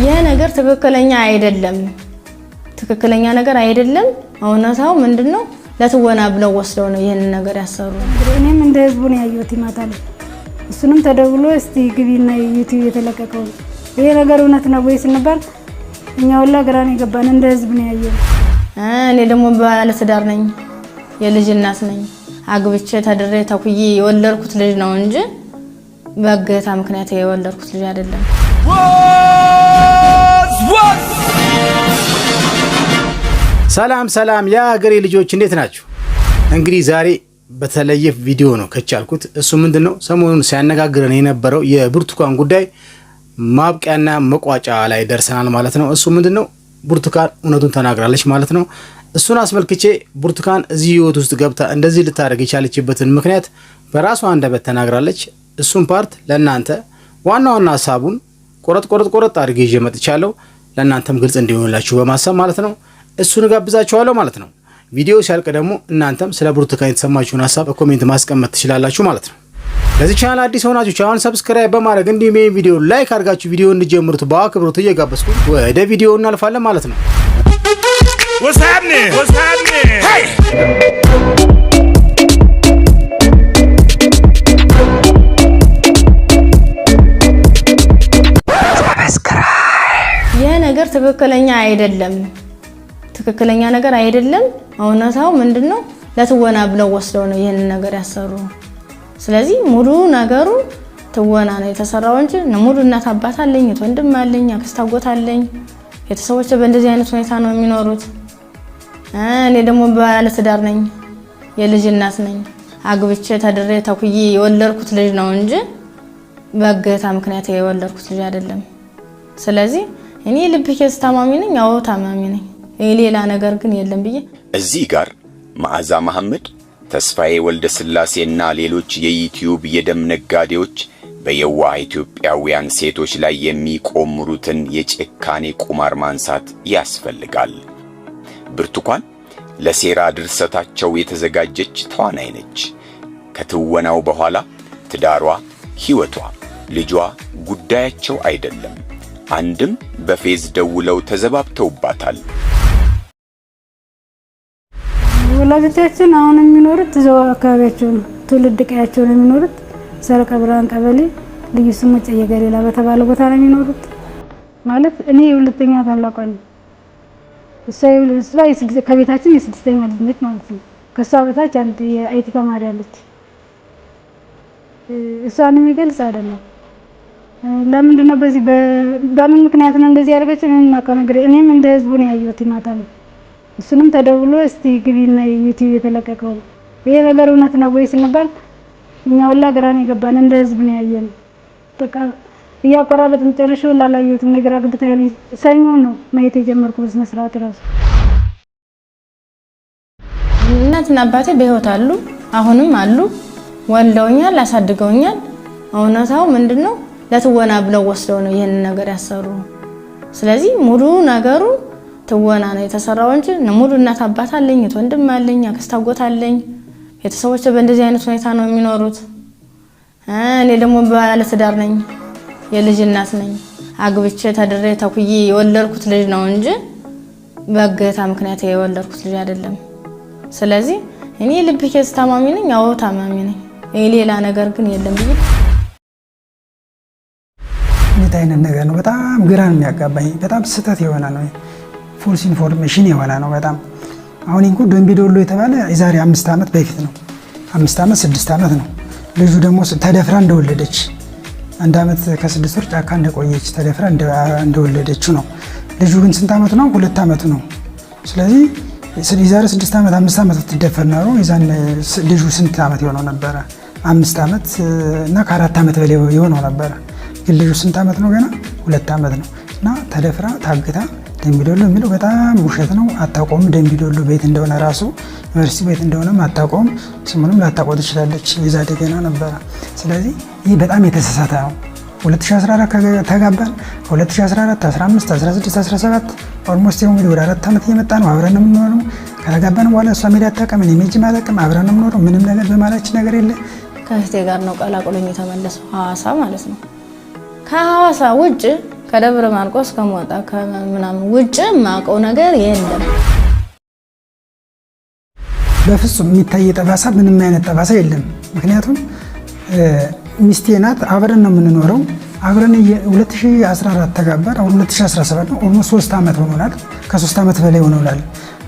ይህ ነገር ትክክለኛ አይደለም፣ ትክክለኛ ነገር አይደለም። እውነታው ምንድን ነው? ለትወና ብለው ወስደው ነው ይህንን ነገር ያሰሩ። እኔም እንደ ህዝቡ ነው ያየሁት። ይማታል እሱንም ተደውሎ እስቲ ግቢና ዩቲዩብ የተለቀቀው ይሄ ነገር እውነት ነው ወይ ስንባል እኛ ሁላ ግራ የገባን። እንደ ህዝብ ነው ያየሁት። እኔ ደግሞ ባለትዳር ነኝ፣ የልጅ እናት ነኝ። አግብቼ ተድሬ ተኩዬ የወለድኩት ልጅ ነው እንጂ በእገታ ምክንያት የወለድኩት ልጅ አይደለም። ሰላም ሰላም የሀገሬ ልጆች እንዴት ናችሁ? እንግዲህ ዛሬ በተለየ ቪዲዮ ነው ከቻልኩት። እሱ ምንድን ነው ሰሞኑን ሲያነጋግረን የነበረው የብርቱካን ጉዳይ ማብቂያና መቋጫ ላይ ደርሰናል ማለት ነው። እሱ ምንድን ነው ብርቱካን እውነቱን ተናግራለች ማለት ነው። እሱን አስመልክቼ ብርቱካን እዚህ ህይወት ውስጥ ገብታ እንደዚህ ልታደርግ የቻለችበትን ምክንያት በራሷ አንደበት ተናግራለች። እሱን ፓርት ለእናንተ ዋና ዋና ሀሳቡን ቆረጥ ቆረጥ ቆረጥ አድርጌ ይዤ መጥቻለሁ። ለእናንተም ግልጽ እንዲሆንላችሁ በማሰብ ማለት ነው እሱን እጋብዛችኋለሁ ማለት ነው። ቪዲዮ ሲያልቅ ደግሞ እናንተም ስለ ብርቱካን የተሰማችሁን ሀሳብ በኮሜንት ማስቀመጥ ትችላላችሁ ማለት ነው። ለዚህ ቻናል አዲስ ሆናችሁ ቻናል ሰብስክራይብ በማድረግ እንዲሁም ይህን ቪዲዮ ላይክ አድርጋችሁ ቪዲዮ እንጀምሩት በአክብሮት እየጋበዝኩ ወደ ቪዲዮ እናልፋለን ማለት ነው። ነገር ትክክለኛ አይደለም፣ ትክክለኛ ነገር አይደለም። እውነታው ምንድን ነው? ለትወና ብለው ወስደው ነው ይህንን ነገር ያሰሩ። ስለዚህ ሙሉ ነገሩ ትወና ነው የተሰራው እንጂ ሙሉ እናት አባት አለኝ፣ ወንድም አለኝ፣ አክስት አጎት አለኝ። ቤተሰቦች በእንደዚህ አይነት ሁኔታ ነው የሚኖሩት። እኔ ደግሞ ባለትዳር ነኝ፣ የልጅ እናት ነኝ። አግብቼ ተድሬ ተኩዬ የወለድኩት ልጅ ነው እንጂ በእገታ ምክንያት የወለድኩት ልጅ አይደለም። ስለዚህ እኔ ልብ ኬዝ ታማሚ ነኝ። አዎ ታማሚ ነኝ። ሌላ ነገር ግን የለም ብዬ እዚህ ጋር መዓዛ መሐመድ፣ ተስፋዬ ወልደ ስላሴና ሌሎች የዩትዩብ የደም ነጋዴዎች በየዋህ ኢትዮጵያውያን ሴቶች ላይ የሚቆምሩትን የጭካኔ ቁማር ማንሳት ያስፈልጋል። ብርቱካን ለሴራ ድርሰታቸው የተዘጋጀች ተዋናይ ነች። ከትወናው በኋላ ትዳሯ፣ ሕይወቷ፣ ልጇ ጉዳያቸው አይደለም። አንድም በፌዝ ደውለው ተዘባብተውባታል። ወላጆቻችን አሁን የሚኖሩት እዛው አካባቢያቸው ነው፣ ትውልድ ቀያቸው ነው የሚኖሩት። ሰረቀ ብርሃን ቀበሌ ልዩ ስሙ ጨየ ገሊላ በተባለ ቦታ ነው የሚኖሩት። ማለት እኔ የሁለተኛ ታላቋ ነኝ። እሷ ከቤታችን የስድስተኛ ልጅ ነች ማለት ነው። ከእሷ በታች አንድ የአይቲ ተማሪ አለች። እሷን የሚገልጽ አይደለም። ለምንድን ነው በዚህ በምን ምክንያት ነው እንደዚህ ያደረገች? እኔ የማውቀው ነገር እኔም እንደ ህዝቡ ነው ያየሁት ማታ ነው። እሱንም ተደውሎ እስቲ ግቢና ዩቲዩብ የተለቀቀው ይሄ ነገር እውነት ነው ወይ ስንባል እኛ ሁላ ግራ ነው የገባን። እንደ ህዝብ ነው ያየን። በቃ እያቆራረጥን ጨርሼ ሁላ አላየሁትም። ነገር አግብታ ያለ ሰኞ ነው ማየት የጀመርኩ በስነ ስርዓት ራሱ እናትና አባቴ በህይወት አሉ፣ አሁንም አሉ። ወልደውኛል፣ አሳድገውኛል። እውነታው ምንድን ነው? ለትወና ብለው ወስደው ነው ይህንን ነገር ያሰሩ። ስለዚህ ሙሉ ነገሩ ትወና ነው የተሰራው እንጂ ሙሉ እናት አባት አለኝ፣ ወንድም አለኝ፣ አክስት አጎት አለኝ። ቤተሰቦች በእንደዚህ አይነት ሁኔታ ነው የሚኖሩት። እኔ ደግሞ ባለትዳር ነኝ፣ የልጅ እናት ነኝ። አግብቼ ተድሬ ተኩዬ የወለድኩት ልጅ ነው እንጂ በእገታ ምክንያት የወለድኩት ልጅ አይደለም። ስለዚህ እኔ ልብ ኬዝ ታማሚ ነኝ፣ አዎ ታማሚ ነኝ። የሌላ ነገር ግን የለም ብዬ አይነት አይነት ነገር ነው። በጣም ግራን የሚያጋባኝ በጣም ስህተት የሆነ ነው። ፎልስ ኢንፎርሜሽን የሆነ ነው በጣም አሁን እንኳ ዶሎ የተባለ የዛሬ አምስት ዓመት በፊት ነው። አምስት ዓመት ስድስት ዓመት ነው። ልጁ ደግሞ ተደፍራ እንደወለደች አንድ ዓመት ከስድስት ወር ጫካ እንደቆየች ተደፍራ እንደወለደች ነው። ልጁ ግን ስንት ዓመቱ ነው? ሁለት ዓመቱ ነው። ስለዚህ የዛሬ ስድስት ዓመት አምስት ዓመት ብትደፈር ኖሮ የዛን ልጁ ስንት ዓመት የሆነው ነበረ? አምስት ዓመት እና ከአራት ዓመት በላይ የሆነው ነበረ። የልጁ ስንት ዓመት ነው? ገና ሁለት ዓመት ነው እና ተደፍራ ታግታ ደንቢዶሎ የሚለው በጣም ውሸት ነው። አታቆም ደንቢዶሎ ቤት እንደሆነ ራሱ ዩኒቨርሲቲ ቤት እንደሆነም አታቆም። ስሙንም ላታቆ ትችላለች። የዛ ደገና ነበረ። ስለዚህ ይህ በጣም የተሳሳተ ነው። 2014 ተጋባን። 2014፣ 15፣ 16፣ 17 ኦልሞስት ይኸው ወደ አራት ዓመት እየመጣ ነው። አብረን ነው ከተጋባን በኋላ እሷ ሜዳ አታውቅም፣ እኔ ሜጅ አላውቅም። አብረን ነው ምንም ነገር በማላችን ነገር የለ። ከእህቴ ጋር ነው ቀላቅሎኝ የተመለሰው ሀዋሳ ማለት ነው። ከሐዋሳ ውጭ ከደብረ ማርቆስ ከሞጣ ከምናምን ውጭ የማውቀው ነገር የለም። በፍጹም የሚታይ ጠባሳ ምንም አይነት ጠባሳ የለም። ምክንያቱም ሚስቴ ናት፣ አብረን ነው የምንኖረው። አብረን 2014 ተጋባን፣ አሁን 2017 ነው። ኦልሞስት ሶስት ዓመት ሆኖናል። ከሶስት ዓመት በላይ ሆኖናል።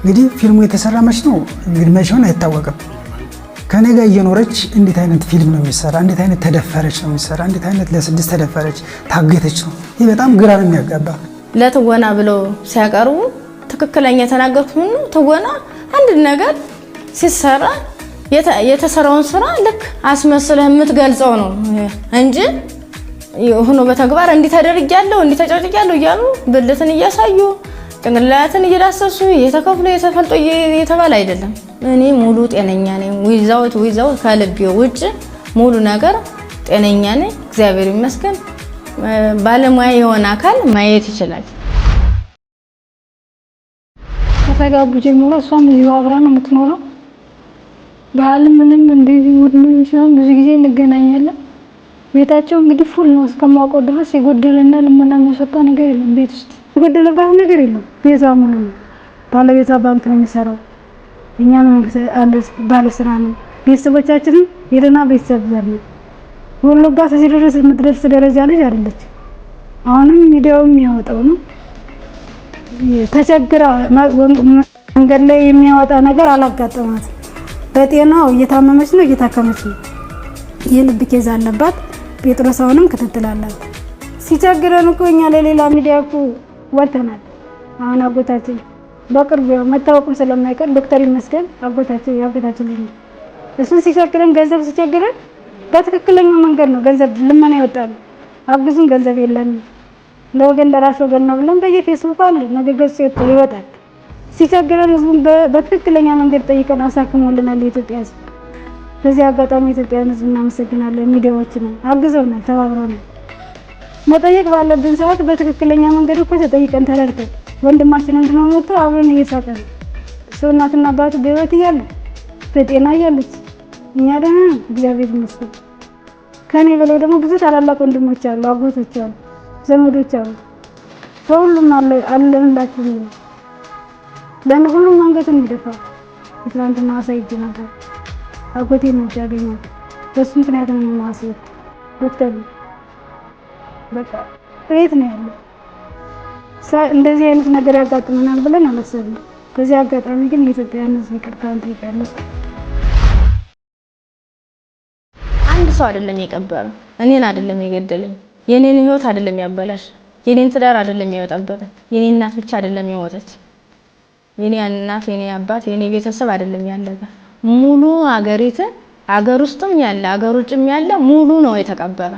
እንግዲህ ፊልሙ የተሰራ መች ነው እንግዲህ መቼውን አይታወቅም። ከኔ ጋር እየኖረች እንዴት አይነት ፊልም ነው የሚሰራ? እንዴት አይነት ተደፈረች ነው የሚሰራ? እንዴት አይነት ለስድስት ተደፈረች ታገተች ነው? ይህ በጣም ግራ ነው የሚያጋባ። ለትወና ብለው ሲያቀርቡ ትክክለኛ የተናገርኩት ሁሉ ትወና አንድ ነገር ሲሰራ የተሰራውን ስራ ልክ አስመስለህ የምትገልጸው ነው እንጂ ሆኖ በተግባር እንዲህ ተደርጊያለሁ እንዲህ ተጨጭጊያለሁ እያሉ ብልትን እያሳዩ ጭንቅላትን እየዳሰሱ እየተከፍሎ እየተፈልጦ እየተባለ አይደለም። እኔ ሙሉ ጤነኛ ነኝ። ዊዛውት ዊዛውት ከልቤ ውጭ ሙሉ ነገር ጤነኛ ነኝ፣ እግዚአብሔር ይመስገን። ባለሙያ የሆነ አካል ማየት ይችላል። ከተጋቡ ጀምሮ እሷም እዚሁ አብራ ነው የምትኖረው። በዓል ምንም እንደዚህ ውድ ሲሆን ብዙ ጊዜ እንገናኛለን። ቤታቸው እንግዲህ ፉል ነው እስከማውቀው ድረስ የጎደለና ልመና የሚያስወጣ ነገር የለም። ቤት ውስጥ የጎደለባት ነገር የለም። ቤቷ ሙሉ ነው። ባለቤቷ ባንክ ነው የሚሰራው። እኛ ባለስራ ነው። ቤተሰቦቻችንም የደህና ቤተሰብ ዘር ነው። ወሎ ጋ ሲደርስ የምትደርስ ደረጃ ልጅ አይደለች። አሁንም ሚዲያው የሚያወጣው ነው ተቸግራ መንገድ ላይ የሚያወጣ ነገር አላጋጠማትም። በጤናው እየታመመች ነው፣ እየታከመች ነው። የልብ ኬዝ አለባት። ጴጥሮስ አሁንም ክትትል አላት። ሲቸግረን እኮ እኛ ለሌላ ሚዲያ እኮ ወጥተናል። አሁን አጎታችን በቅርብ መታወቁም ስለማይቀር ዶክተር ይመስገን አጎታችን ያጎታችን ልጅ እሱን ሲቸግረን ገንዘብ ሲቸግረን በትክክለኛው መንገድ ነው ገንዘብ ልመና ይወጣሉ። አግዙን ገንዘብ የለን ለወገን ለራስ ወገን ነው ብለን በየፌስቡክ አለ ነገገጽ ይወጣል። ሲቸግረን ህዝቡን በትክክለኛ መንገድ ጠይቀን አሳክሞልናል የኢትዮጵያ ህዝብ። በዚህ አጋጣሚ የኢትዮጵያን ህዝብ እናመሰግናለን። ሚዲያዎችን አግዘውናል፣ ተባብረውናል። መጠየቅ ባለብን ሰዓት በትክክለኛ መንገድ እኮ ተጠይቀን ተረድተን ወንድማችን ምንድነው ሞቶ አብረን እየሳቀን ሰው እናትና አባቱ በሕይወት እያሉ በጤና እያሉት እኛ ደህና ነን፣ እግዚአብሔር ይመስገን። ከኔ በላይ ደግሞ ብዙ ታላላቅ ወንድሞች አሉ፣ አጎቶች አሉ፣ ዘመዶች አሉ። በሁሉም አለንላችሁ ነው ለእነ ሁሉም አንገት የሚደፋ የትላንትና አሳይ እጅ ነበር። አጎቴ ነው ያገኛል። በሱ ምክንያት ነው ማሰብ ዶክተር በቃ ቤት ነው ያለው እንደዚህ አይነት ነገር ያጋጥመናል ብለን አላሰብንም። በዚህ አጋጣሚ ግን የኢትዮጵያን ሕዝብ ይቅርታ እንጠይቃለን። አንድ ሰው አይደለም የቀበረ፣ እኔን አይደለም የገደለኝ፣ የኔን ህይወት አይደለም ያበላሽ፣ የኔን ትዳር አይደለም ያወጣበት፣ የኔ እናት ብቻ አይደለም የሞተች፣ የኔ እናት፣ የኔ አባት፣ የኔ ቤተሰብ አይደለም ያለቀ፣ ሙሉ አገሪትን አገር ውስጥም ያለ አገር ውጭም ያለ ሙሉ ነው የተቀበረ።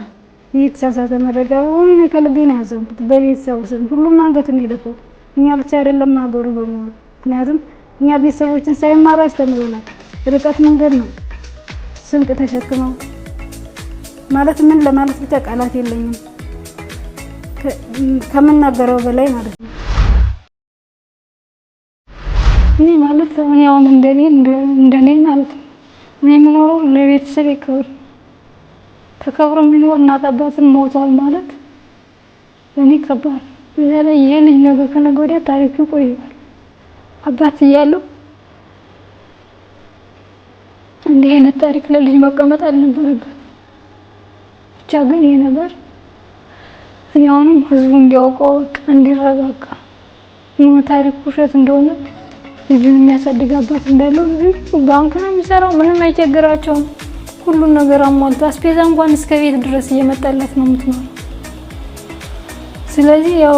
የተሳሳተ መረጃ ወይ ከልቤ ነው ያዘንኩት። በቤተሰቡ ስም ሁሉም አንገቱን የደፋው እኛ ብቻ አይደለም ሀገሩ በመሆኑ ምክንያቱም እኛ ቤተሰቦችን ሳይማር አስተምሮናል። ርቀት መንገድ ነው ስንቅ ተሸክመው ማለት ምን ለማለት ብቻ ቃላት የለኝም ከምናገረው በላይ ማለት ነው። እኔ ማለት ያው እንደኔ እንደኔ ማለት ነው እኔ የምኖረው ለቤተሰብ ይከብር ተከብሮ የሚኖር እናት አባትን ሞቷል ማለት እኔ ከባድ በተለይ ይሄ ልጅ ነገር ከነገ ወዲያ ታሪክ ይቆያል። አባት እያለው እንዲህ አይነት ታሪክ ለልጅ መቀመጥ አልነበረበት። ብቻ ግን ይሄ ነገር እኔ አሁንም ህዝቡ እንዲያውቀው እንዲረጋጋ ታሪክ ውሸት እንደሆነ ልጁን የሚያሳድግ አባት እንዳለው ባንክ ነው የሚሰራው፣ ምንም አይቸግራቸውም። ሁሉን ነገር አሟልቶ አስፔዛ እንኳን እስከ ቤት ድረስ እየመጣለት ነው የምትኖረው። ስለዚህ ያው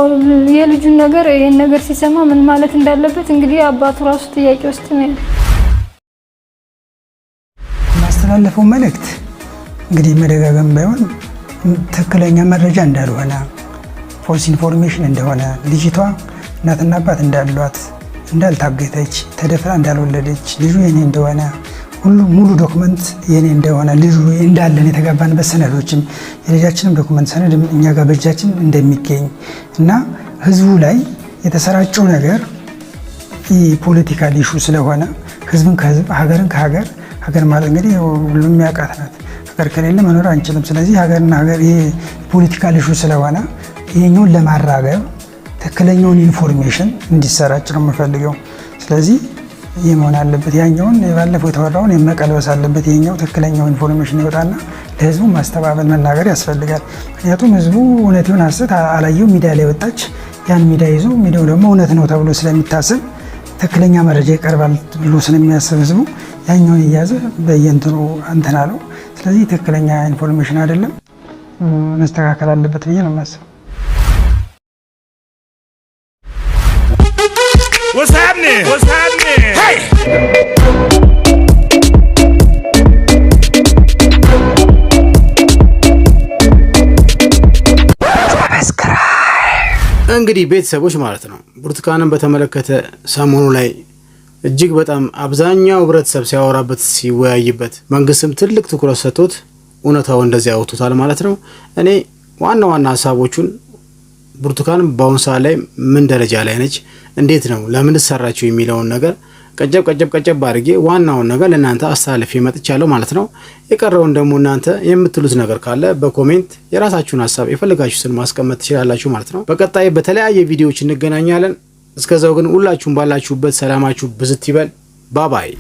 የልጁን ነገር ይህን ነገር ሲሰማ ምን ማለት እንዳለበት እንግዲህ አባቱ ራሱ ጥያቄ ውስጥ ነው። ማስተላለፈው መልእክት እንግዲህ መደጋገም ባይሆን ትክክለኛ መረጃ እንዳልሆነ ፎልስ ኢንፎርሜሽን እንደሆነ ልጅቷ እናትና አባት እንዳሏት፣ እንዳልታገተች፣ ተደፍራ እንዳልወለደች፣ ልጁ የኔ እንደሆነ ሁሉም ሙሉ ዶክመንት የኔ እንደሆነ ልጁ እንዳለን የተጋባንበት ሰነዶችም የልጃችንም ዶክመንት ሰነድ እኛ ጋር በእጃችን እንደሚገኝ እና ህዝቡ ላይ የተሰራጨው ነገር ፖለቲካል ኢሹ ስለሆነ ህዝብን ከህዝብ ሀገርን ከሀገር ሀገር ማለት እንግዲህ ሁሉም የሚያውቃት ናት። ሀገር ከሌለ መኖር አንችልም። ስለዚህ ሀገርና ሀገር ፖለቲካል ኢሹ ስለሆነ ይህኛውን ለማራገብ ትክክለኛውን ኢንፎርሜሽን እንዲሰራጭ ነው የምፈልገው። ስለዚህ ይህ መሆን አለበት፣ ያኛውን ባለፈው የተወራውን መቀልበስ አለበት፣ ይኛው ትክክለኛው ኢንፎርሜሽን ይወጣና ለህዝቡ ማስተባበል መናገር ያስፈልጋል። ምክንያቱም ህዝቡ እውነት ይሁን ሀሰት አላየው ሚዲያ ላይ ወጣች፣ ያን ሚዲያ ይዞ ሚዲያው ደግሞ እውነት ነው ተብሎ ስለሚታሰብ ትክክለኛ መረጃ ይቀርባል ብሎ ስለሚያስብ ህዝቡ ያኛውን እያዘ በየእንትኑ እንትን አለው። ስለዚህ ትክክለኛ ኢንፎርሜሽን አይደለም፣ መስተካከል አለበት ብዬ ነው የማስበው። What's happening? What's happening? እንግዲህ ቤተሰቦች ማለት ነው ብርቱካንን በተመለከተ ሰሞኑ ላይ እጅግ በጣም አብዛኛው ህብረተሰብ ሲያወራበት ሲወያይበት፣ መንግስትም ትልቅ ትኩረት ሰጥቶት እውነታው እንደዚህ አውጥቶታል ማለት ነው። እኔ ዋና ዋና ሀሳቦቹን ብርቱካን በአሁኑ ሰዓት ላይ ምን ደረጃ ላይ ነች፣ እንዴት ነው፣ ለምን ሰራችሁ የሚለውን ነገር ቀጨብ ቀጨብ ቀጨብ አድርጌ ዋናውን ነገር ለእናንተ አስተላልፌ መጥቻለሁ ማለት ነው። የቀረውን ደግሞ እናንተ የምትሉት ነገር ካለ በኮሜንት የራሳችሁን ሀሳብ የፈለጋችሁትን ማስቀመጥ ትችላላችሁ ማለት ነው። በቀጣይ በተለያየ ቪዲዮዎች እንገናኛለን። እስከዛው ግን ሁላችሁም ባላችሁበት ሰላማችሁ ብዝት ይበል። ባባይ